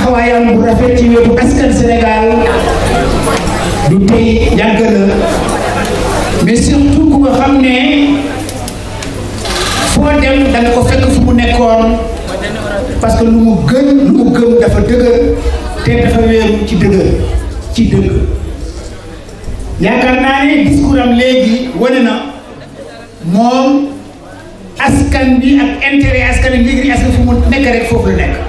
taxawaayam bu rafet ci wetu askan Sénégal du tey yàgg mais surtout ku nga xam ne foo dem da ko fekk fu mu nekkoon parce que lu mu gën lu mu gëm dafa dëgër te dafa wéeru ci dëgër ci dëgg yaakaar naa ne discours léegi wane na moom askan bi ak intérêt askan bi léegi askan fu mu nekk rek foofu la nekk.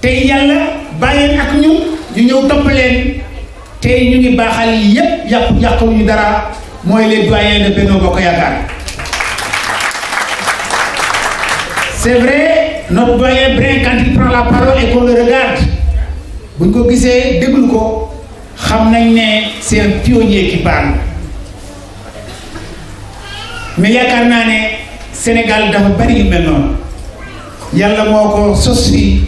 tey yàlla bàyyeen ak ñu ñu ñëw topp leen tey ñu ngi baaxal yépp yàqu yàqu ñu dara mooy les doyens de Benno ko Yaakaar c'est vrai notre doyen Brin quand il prend la parole et qu'on le regarde buñ ko gisee déglu ko xam nañ ne c'est un pionnier qui mais yaakaar naa ne senegal dafa bari yu mel noonu yàlla moo ko sos fii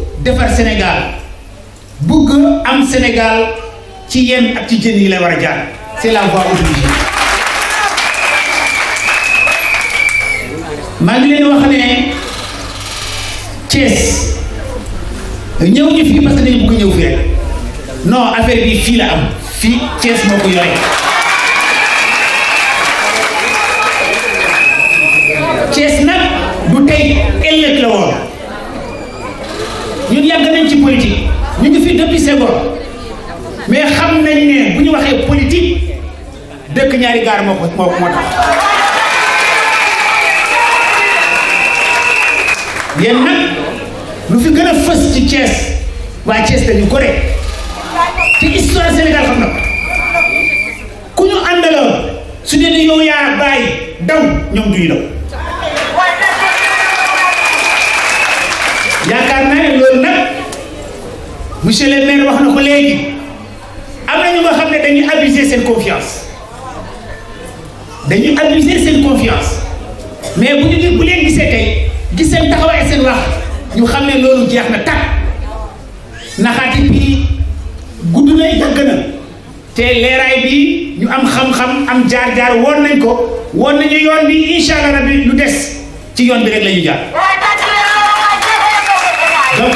defar senegal bëgg am senegal ci yenn ak ci jën yi la war a jaar c'est la voix obligée maa ngi leen wax ne Thiès ñëw ñu fii parce que dañu bëgg ñëw fii rek non affaire bi fii la am fii Thiès moo ko yore Thiès nag du tey ëllëg la woon ñun yàgg nañ ci politique ñu ngi fi depuis Senghor mais xam nañ ne bu ñu waxee politique dëkk ñaari gaar moo ko moo ko moo tax. yéen nag lu fi gën a fës ci Thiès waa Thiès dañu ko rek te histoire Sénégal xam na ku ñu àndaloon su dee yow yaa bàyyi daw ñoom du ñu loolu nag monsieur le maire wax na ko léegi am na ñu nga xam ne dañuy abuser seen confiance dañuy abuser seen confiance mais bu ñu bu leen gisee tey gis seen taxawaay seen wax ñu xam ne loolu jeex na tàkk naxaati bi gudd na yàgg na te leeraay bi ñu am xam-xam am jaar-jaar woon nañ ko woon nañu yoon bi incha allah rabbi lu des ci yoon bi rek la jaar.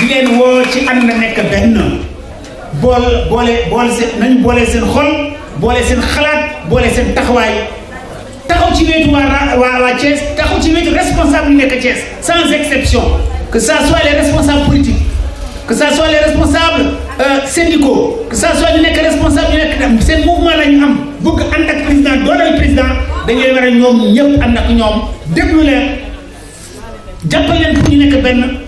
di leen woo ci ànd nekk benn bool boole boole seen nañu boole seen xol boole seen xalaat boole seen taxawaay taxaw ci wetu waa waa waa Thiès taxaw ci wetu responsable yu nekk Thiès sans exception que ça soit les responsables politiques que ça soit les responsables euh, syndicaux que ça soit ñu nekk responsable yu nekk seen mouvement la ñu am bëgg ànd ak président dooleel président dañuy war a ñoom ñëpp ànd ak ñoom déglu leen jàppal leen pour ñu nekk benn.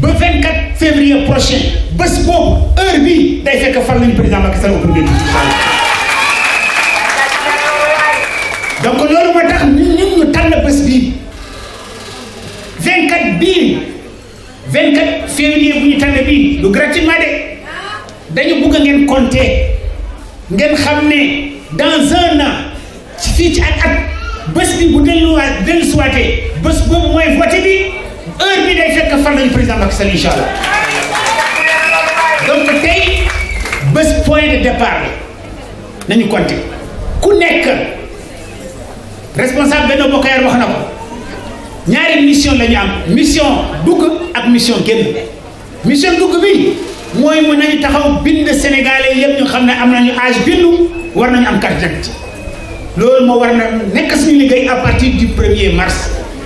ba 24 février prochain bés boobu heure bii day fekk fal nañu président Macky Sall au premier tour donc loolu moo tax ñun ñun ñu tànn bés bii ñu tànn bii dañu bugg ngeen compter ngeen xam bi bu delluwaat boobu mooy vote bi. un bi day fekk président donc tey le point de départ la nañu ku nekk responsable nos Bokk wax ñaari mission la mission dugg la mission mission dugg nañu taxaw sénégalais yëpp ñu xam am nañu âge bindu war nañu am carte d'identité war na nekk suñu à partir du 1er mars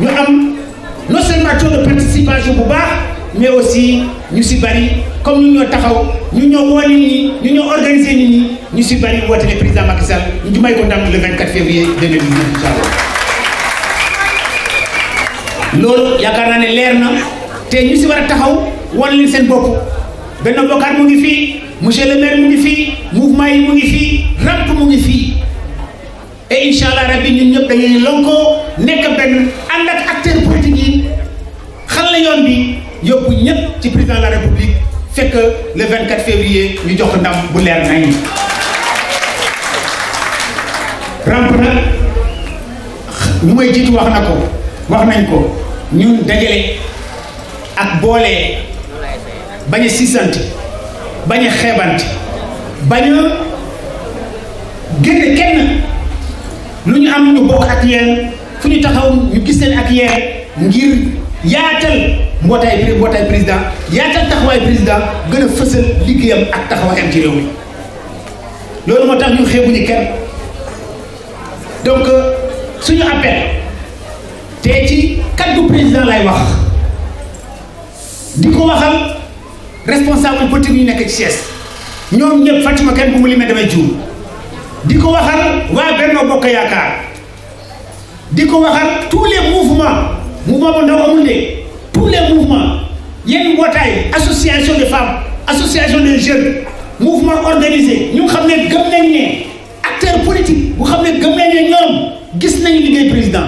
Nous avons non seulement taux de participation pour baax mais aussi nous sommes bari comme ñu nous taxaw ñu sommes woo nous sommes ñoo organiser nous sommes Nous si bari les président Macky Sall ñu nous ko le 24 février 2019 Nous Non, yakarna sommes ne nous ñu si wara taxaw nous sommes seen mu ngi monsieur le maire mu ngi mouvement yi mu ngi et incha allah rabi ñun ñëpp dañuy lonkoo nekk benn ànd ak acteurs politiques yi xal yoon bi yóbbu ñëpp ci président de la république fekk le 24 février ñu jox ndam bu leer nañ ramp nag ñu may jiitu wax na ko wax nañ ko ñu dajale ak boolee bañ a siisante bañ a xeebante kenn lu ñu am ñu bokk ak yéen fu ñu taxaw ñu gis leen ak yéen ngir yaatal mbootaay mbootaay président yaatal taxawaay président gën a fësal liggéeyam ak taxawaayam ci réew mi loolu moo tax ñu xeebuñu kenn donc euh, suñu appel te ci kaddu président lay wax di ko waxal responsable politique yu nekk ci Thiès ñoom ñëpp Fatima kenn bu mu limee demee juum. diko ko waxal waa Benno Bokk Yaakaar diko waxal tous les mouvements mouvement bu ndaw amul tous les mouvements yenn mbootaay association de femmes association des jeunes mouvement organisé ñu xamné gëm nañ né acteur politique bu xamné gëm nañ ñom gis nañ liguey président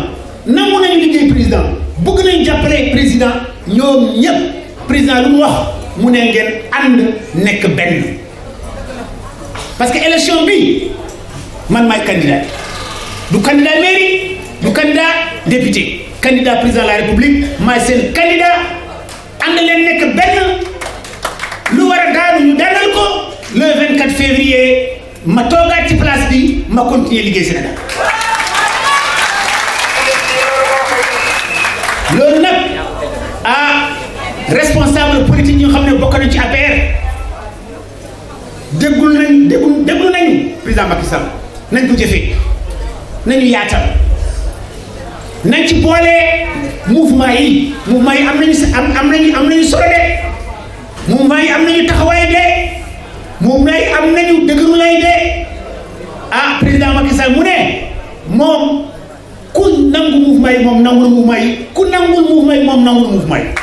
nangu nañ liguey président bëgg nañ jappalé président ñom ñëpp président lu mu wax mu ngeen and nek ben parce que élection bi man maay candidat du candidat mairie du candidat député candidat président de la république maay sen candidat and len nek ben lu wara a daanu ñu dalal ko le 24 février ma toogaat ci place bi ma continuer liggéey Sénégal loolu nak ah responsable politique ñu xam bokk na ci APR déggul nañ déggul déglu nañ président Macky Sall nañ ko jëfee nañu yaatal nañ ci boolee mouvement yi mouvement yi am nañu am am nañu am solo de mouvement yi am nañu taxawaay de mouvement yi am nañu dëgërulaay de ah président Macky Sall mu ne moom ku nangu mouvement yi moom ku nangul mouvement yi moom nangul mouvement yi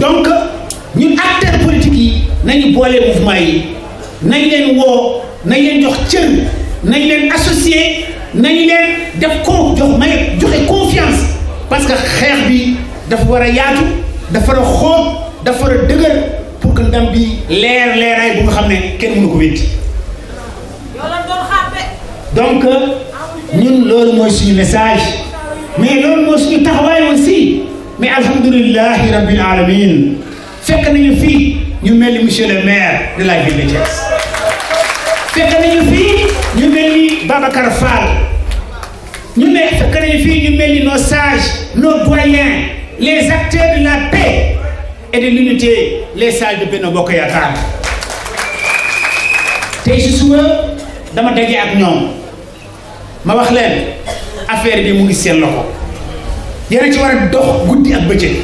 donc nañu boole mouvement yi nañ leen woo nañ leen jox cër nañ leen associé nañ leen def ko jox may joxe confiance parce que xeex bi dafa war a yaatu dafa war a xóot dafa war a dëgër pour que ndam bi leer leeraay bu nga xam ne kenn mënu ko wéti donc ñun loolu mooy suñu message mais loolu mooy suñu taxawaay aussi mais alhamdulilahi rabbil alamin fekk nañu fii ñu mel monsieur le maire de la ville de Thiès fekk nañu fii ñu mel ni Babacar Fall ñu mel fekk nañu ñu nos sages nos doyens les acteurs de la paix et de l'unité les sages de Beno Bokk Yaakaar tey si suba dama daje ak ñoom ma wax leen affaire bi mu ngi seen loxo yéen ci war a dox budget. ak bëccëg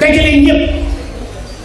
dajale ñëpp.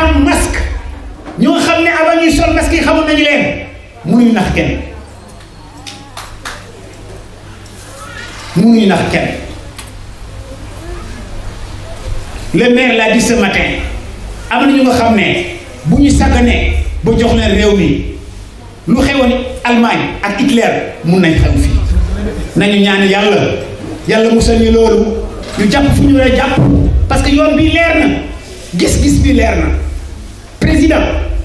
am masque ñoo xam ne avant ñuy sol masque yi xamoon nañu leen mënuñu nax kenn mënuñu nax kenn le maire l'a dit ce matin am na ñu nga xam ne bu ñu sàgganee ba jox leen réew mi lu xewoon Allemagne ak Hitler mun nañ xew fii nañu ñaan yàlla yàlla musal ñu loolu ñu jàpp fu ñu war a jàpp parce que yoon bi leer na gis-gis bi leer na président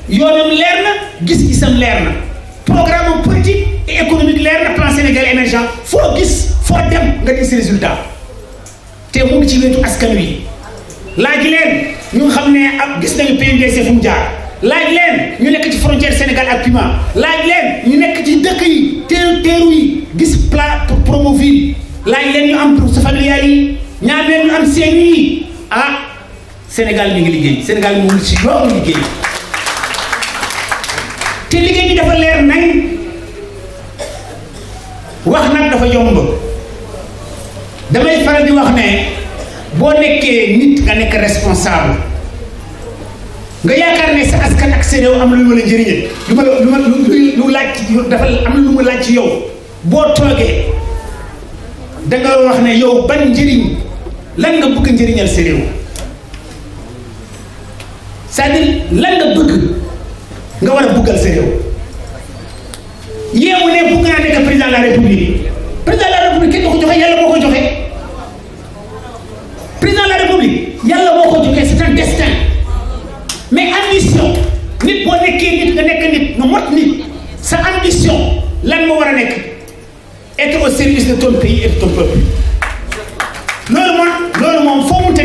yoonam leer gis programme politique et économique leer plan Sénégal émergent foo gis foo dem nga gis résultat te mu ci askan wi ñu gis jaar ñu ci frontière Sénégal ak Piment laaj leen ñu nekk ci dëkk yi yi plat pour promouvoir. laaj ñu am yi ñu am ah, Sénégal mi ngi liggéey Sénégal mu ngi liggéey te liggéey bi dafa leer nañ wax nag dafa yomb damay faral di wax ne boo nekkee nit nga nekk responsable nga yaakaar ne sa askan ak sa réew am na lu ma la njëriñe lu ma lu ma lu laaj dafa am na lu ma laaj ci yow boo toogee da wax ne yow ban njëriñ lan nga bëgg njëriñal sa c'est-à-dire lan nga bëgg nga war a buggal sa réew yéemu ne bugg naa nekk président de la république président de la république kenn ko joxe yàlla moo ko joxe président de la république yàlla moo ko joxe c'est un destin mais ambition nit boo nekkee nit nga nekk nit nga mot nit sa ambition lan moo war a nekk être au service de ton pays et de ton peuple loolu moom loolu moom foo mu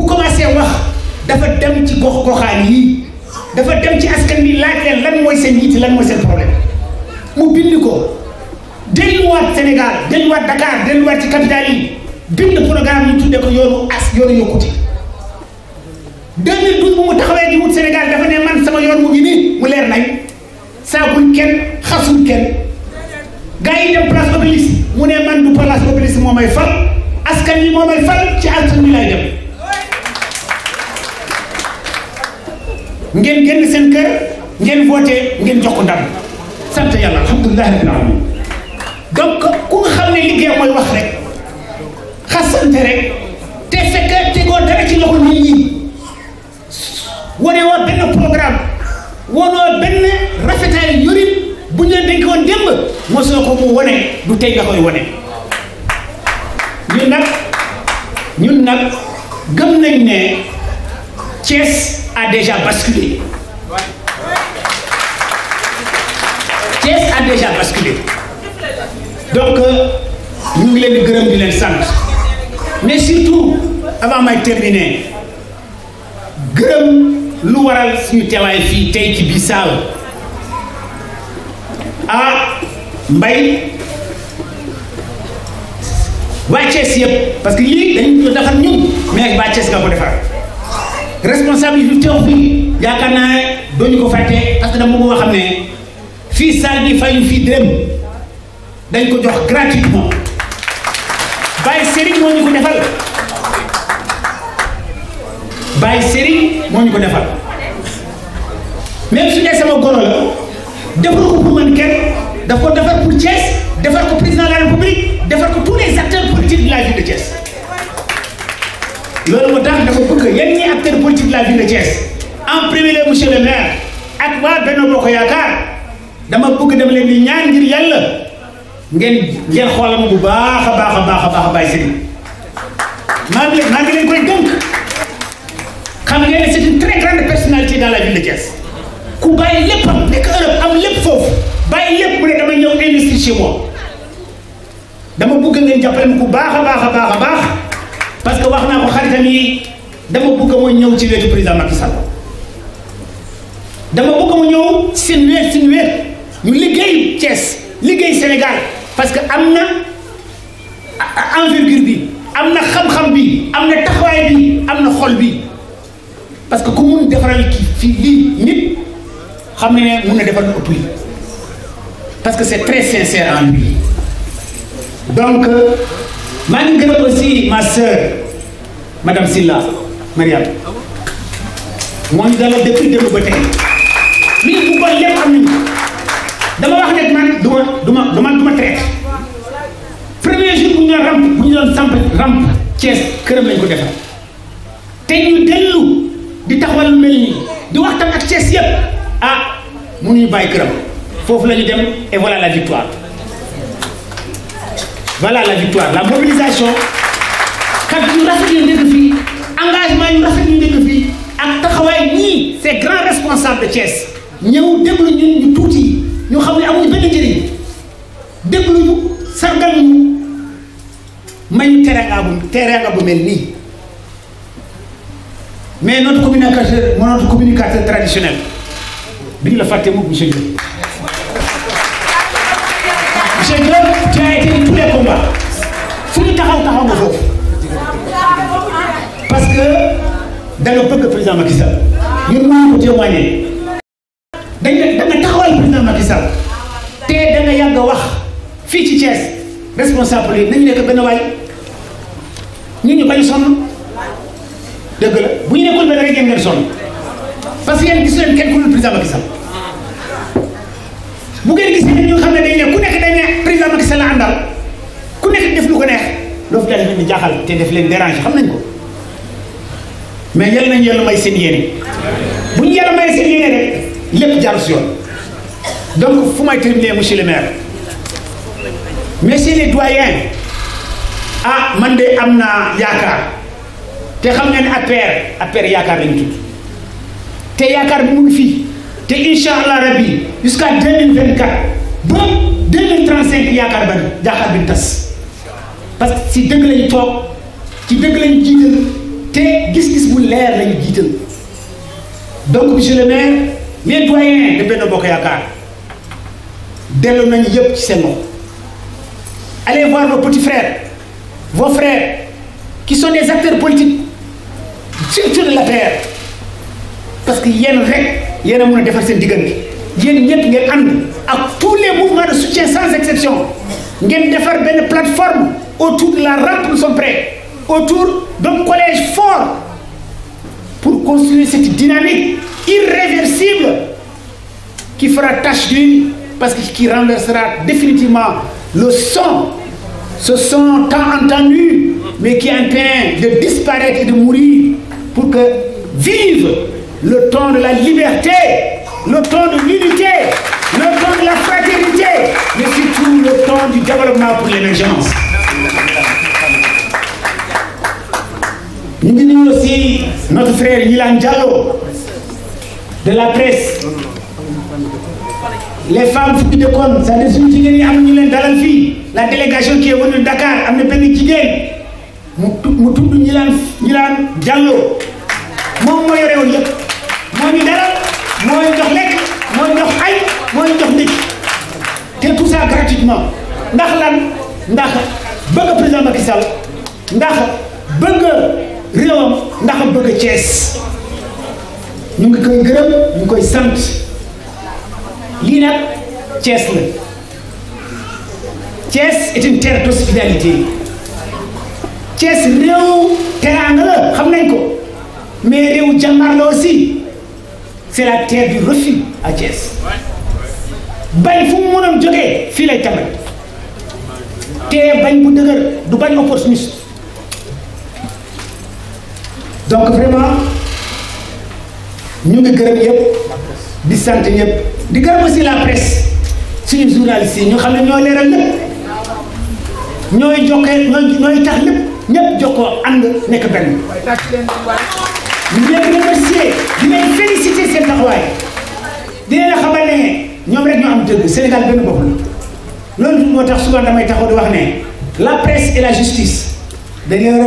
bu commencé wax dafa dem ci gox goxaan yi dafa dem ci askan bi laaj leen lan mooy seen yitti lan mooy seen problème mu bind ko delluwaat Sénégal delluwaat Dakar delluwaat ci capital yi bind programme ñu tuddee ko yoonu as yoonu yokkuti 2012 bu mu taxawee di wut Sénégal dafa ne man sama yoon mu ngi nii mu leer nañ saagul kenn xasul kenn gaa yi dem place Obélisque mu ne man du place Obélisque moo may fal askan yi moo may fal ci askan bi lay dem. ngeen génn seen kër ngeen voté ngeen jox ko ndam sant yàlla alhamdulilahi rabbil alamin donc ku nga xam ne liggéey mooy wax rek xasante rek te fekk tegoo dara ci loxo nit ñi wane woo benn programme wanoo benn rafetaay yorin bu ñu la dénk woon démb mosoo ko mu wane du tey nga koy wane ñun nag ñun nag gëm nañ ne Thiès a déjà basculé. Thiès a déjà basculé. donc nous euh, ngi le grand gërëm di mais surtout avant de terminer gërëm lu waral suñu teewaay fii tey ci Bissau ah mbay waa Thiès yëpp parce que lii dañu ko defar nous, mais waa ce nga ko faire responsabilité du il y yaakaar naa ko fàtte parce que il y a xam ne bi fayu fii dërëm dañ ko jox gratuitement il Serigne ko même sama la ko pour man kenn daf ko pour Thiès président de la République defar ko tous les acteurs politiques de la ville de Thiès. loolu mu tax dafa bëgg yéen ñii acteurs politiques de la ville de Thiès en premier lieu monsieur le maire ak waa Benno ko Yaakaar dama bëgg dem leen di ñaan ngir yàlla ngeen ngeen xoolam bu baax a baax a baax a baax a maa ngi maa leen koy dënk xam ngeen ne c'est une très grande personnalité dans la ville ku bàyyi léppam nekk am lépp foofu bàyyi lépp mu ne dama ñëw investir chez moi dama bëgg ngeen jàppale ma baax a baax a baax a baax. parce que wax naa ko xaritam yi dama bëgg mu ñëw ci wetu président Macky Sall dama bëgg mu ñëw seen wet seen wet ñu liggéey Thiès liggéey Sénégal parce que am na envergure bi am na xam-xam bi am na taxawaay bi am na xol bi parce que ku mun defaral ki fii lii nit xam ne ne mun na defar ëpp yi parce que c'est très sincère en lui donc. maa ngi gërëm aussi ma soeur madame Silla Mariam moo ñu dalal depuis démb ba tey lii bu ko lépp am nañu dama wax ne man duma duma duma duma traite premier jour ñu doon ramp bu ñu doon samp ramp Thiès këram lañ ko defar te ñu dellu di taxawal mel nii di waxtaan ah, bàyyi këram foofu la ñu dem et voilà la victoire. voilà la victoire la mobilisation kàddu yu rafet yu nekk engagement yu rafet yu nekk fii ak taxawaay ni ces grands responsables de Thiès ñëw déglu ñun ñu touti, ñu xam ne amuñu benn njëriñ déglu ñu sargal ñu may ñu teranga bu teranga bu mel nii mais notre communicateur notre communicateur traditionnel bi la fàtte moom monsieur Diop amu foofu parce que da nga bëgg président Macky Sall ñun mënuñu ko dañ ne da taxawal président Macky Sall te da nga yàgg wax fii ci Thiès responsable yi nañu nekk benn waay ñun ñu bañ sonn dëgg bu ñu nekkul benn rek yéen sonn parce que yéen gis leen kenn ku dul président Macky Sall bu ngeen gisee ñu xam ne dañ ku nekk dañ ne président la àndal ku nekk def lu ko neex. dof daal dafa ni jaaxal te def leen déranger xam nañ ko mais yal nañu yàlla may seen yéene bu ñu yàlla may seen yéene lépp jaar si yoon donc fu may terminer monsieur le maire messieurs les doyens ah man de am na yaakaar te xam ngeen APR APR yaakaar lañu tudd te yaakaar bi mu ngi fii te incha allah rabi jusqu'à deux mille vingt quatre ba deux mille trente cinq yaakaar ba yaakaar bi tas. parce que si dëgg lañ toog ci dëgg lañ jiital te gis-gis bu leer lañ jiital donc monsieur le maire mes doyens de Benno Bokk Yaakaar delloo nañ yëpp ci seen loxo allez voir vos petits frères vos frères qui sont des acteurs politiques surtout de la paix parce que yéen rek yéen a mën a defar seen diggante yéen ñëpp ngeen ànd ak tous les mouvements de soutien sans exception ngeen defar benn plateforme autour de la rampe, nous sommes prêts, autour d'un collège fort pour construire cette dynamique irréversible qui fera tâche d'une parce qu'il renversera définitivement le son, ce son tant entendu, mais qui est en train de disparaître et de mourir pour que vive le temps de la liberté, le temps de l'unité, le temps de la fraternité, mais surtout le temps du développement pour l'émergence. Nous venons aussi notre frère Ilan Diallo de la presse. Les femmes qui de con, ça ne La délégation qui est venue de Dakar, Diallo. Mon Mon mon mon tout ça gratuitement. Ndax lan, ndax président Macky réewam ndax a bëgg Cees ñu ngi koy gërëm ñu ngi koy sant lii nag Cees la Cees est une terre Cees réew teraanga la xam nañ ko mais réew jàmbaar la aussi c'est la terre du refus à Thiès bañ fu mu mënoon jógee fii lay tamat te bañ bu dëgër du bañ opportuniste donc vraiment ñu ngi gërëm yëpp di aussi la presse suñu journaliste yi ñu xam nous leeral lépp ñooy jokkee ñooy tax lépp ñëpp jokkoo ànd nekk benn. ñu remercier di leen féliciter seen taxawaay xamal ne nous rek ñoo am dëgg Sénégal benn bopp la loolu nous souvent di wax la presse et la justice dañoo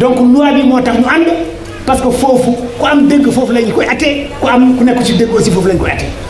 donc loi bi moo tax ñu ànd parce que foofu ku am dëgg foofu la ñu koy attee ku am ku nekk si dëgg aussi foofu la ñu koy attee